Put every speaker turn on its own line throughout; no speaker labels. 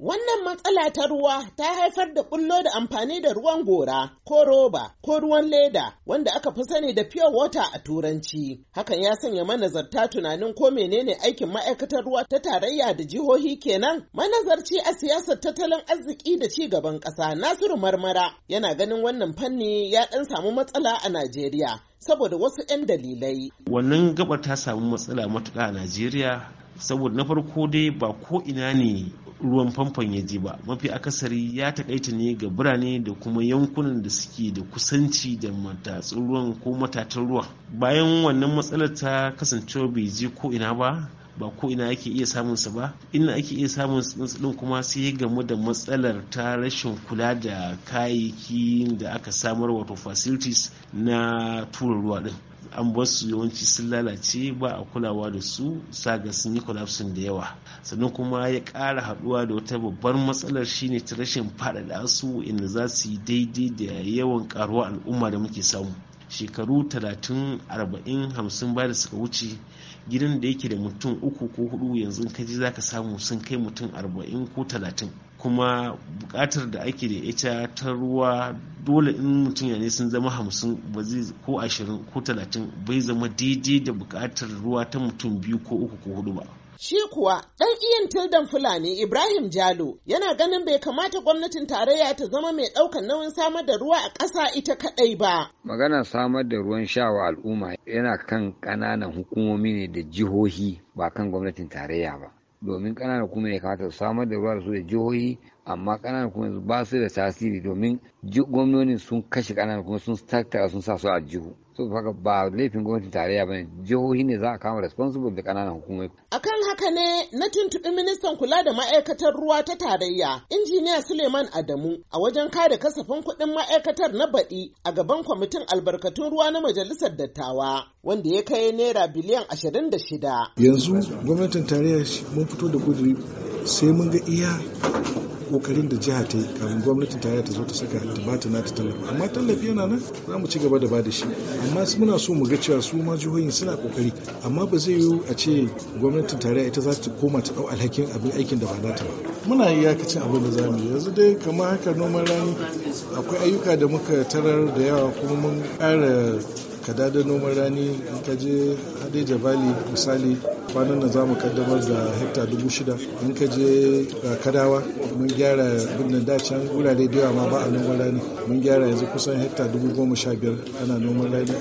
Wannan matsala ta ruwa ta haifar da ƙullo da amfani da ruwan gora ko roba ko ruwan leda wanda aka fi sani da pure water a turanci. Hakan ya sanya manazarta tunanin ko menene aikin ma'aikatar ruwa ta tarayya da jihohi kenan. Manazarci a siyasar tattalin arziki da ci gaban ƙasa Nasiru Marmara yana ganin wannan fanni ya ɗan samu matsala a Najeriya. saboda wasu 'yan dalilai.
Wannan gabar ta samu matsala matuƙa a Najeriya saboda na farko dai ba ko ina ne ruwan famfon ya je ba mafi akasari ya takaita ne ga birane da kuma yankunan da suke da kusanci da matatsun ruwan ko matatan ruwa bayan wannan matsalar ta kasancewa bai je ko ina ba ba ko ina ake iya samunsa sa ba ina ake iya samun din kuma sai ya gamu da matsalar ta rashin kula da kayayyaki da aka samar wato facilities na tura ruwa din an bar su yawanci sun lalace ba a kulawa da su saga sun yi kwalafsin da yawa sannan kuma ya kara haduwa da wata babbar matsalar shine ta rashin faɗaɗa su inda za su yi daidai da yawan karuwa al'umma da muke samu shekaru talatin arba'in hamsin ba da suka wuce gidan da yake da mutum uku ko hudu yanzu kaji za ka samu sun kai mutum arba'in ko talatin kuma bukatar da ake da ita ta ruwa dole in mutum ya ne sun zama hamsin ba zai ko ashirin ko talatin bai zama daidai da bukatar ruwa ta mutum biyu ko uku ko hudu ba.
Shi kuwa ɗan iyan tildan Fulani Ibrahim Jalo yana ganin bai kamata gwamnatin tarayya ta zama mai ɗaukar nauyin samar da ruwa a ƙasa ita kaɗai ba.
Magana samar da ruwan sha wa al'umma yana kan ƙananan hukumomi ne da jihohi ba kan gwamnatin tarayya ba. domin ƙananan kuma ya kamata su samar da ruwa da su da jihohi amma ƙananan kuma ba su da tasiri domin gwamnoni sun kashe ƙananan kuma sun tattara sun sa su a jihu ba laifin gwamnatin tarayya ne jihohi ne za a kama responsible da kananan hukumai.
akan haka ne na tuntuɓi ministan kula da ma'aikatar ruwa ta tarayya, injiniya Suleiman Adamu, a wajen kare kasafin kuɗin ma'aikatar na baɗi a gaban kwamitin albarkatun ruwa na majalisar dattawa, wanda ya kai naira biliyan ashirin da shida.
Yanzu gwamnatin tarayya mun fito da kudiri sai mun ga iya kokarin da jiha ta yi kafin gwamnatin ta ta zo ta saka ta ba ta nata tallafi amma tallafi yana nan za mu ci gaba da ba da shi amma muna so mu ga cewa su ma jihohin suna kokari amma ba zai yiwu a ce gwamnatin tarayya ita za ta koma ta dau alhakin abin aikin da ba nata ba muna iyakacin abin da zamu yanzu dai kamar haka noman rani akwai ayyuka da muka tarar da yawa kuma mun ƙara ka da noman rani in ka je hadeja valley misali kwanan na za mu kaddamar da hekta dubu shida in ka je uh, kadawa mun gyara birnin da can wurare da yawa ma ba a noman rani mun gyara yanzu kusan hekta dubu goma sha biyar ana noman rani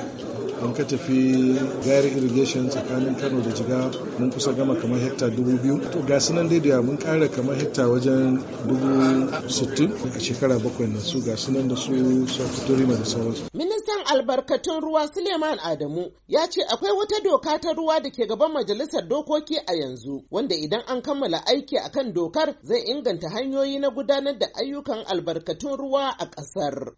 an ka tafi gayar irrigation tsakanin kano da jiga mun kusa gama kamar hekta dubu biyu to ga su nan daidai mun kara kamar hekta wajen dubu sittin a shekara bakwai na su ga su nan da su sakuturima da sauransu.
ministan albarkatun ruwa suleiman adamu ya ce akwai wata doka ta ruwa da ke gaban majalisar dokoki a yanzu wanda idan an kammala aiki akan dokar zai inganta hanyoyi na gudanar da ayyukan albarkatun ruwa a ƙasar.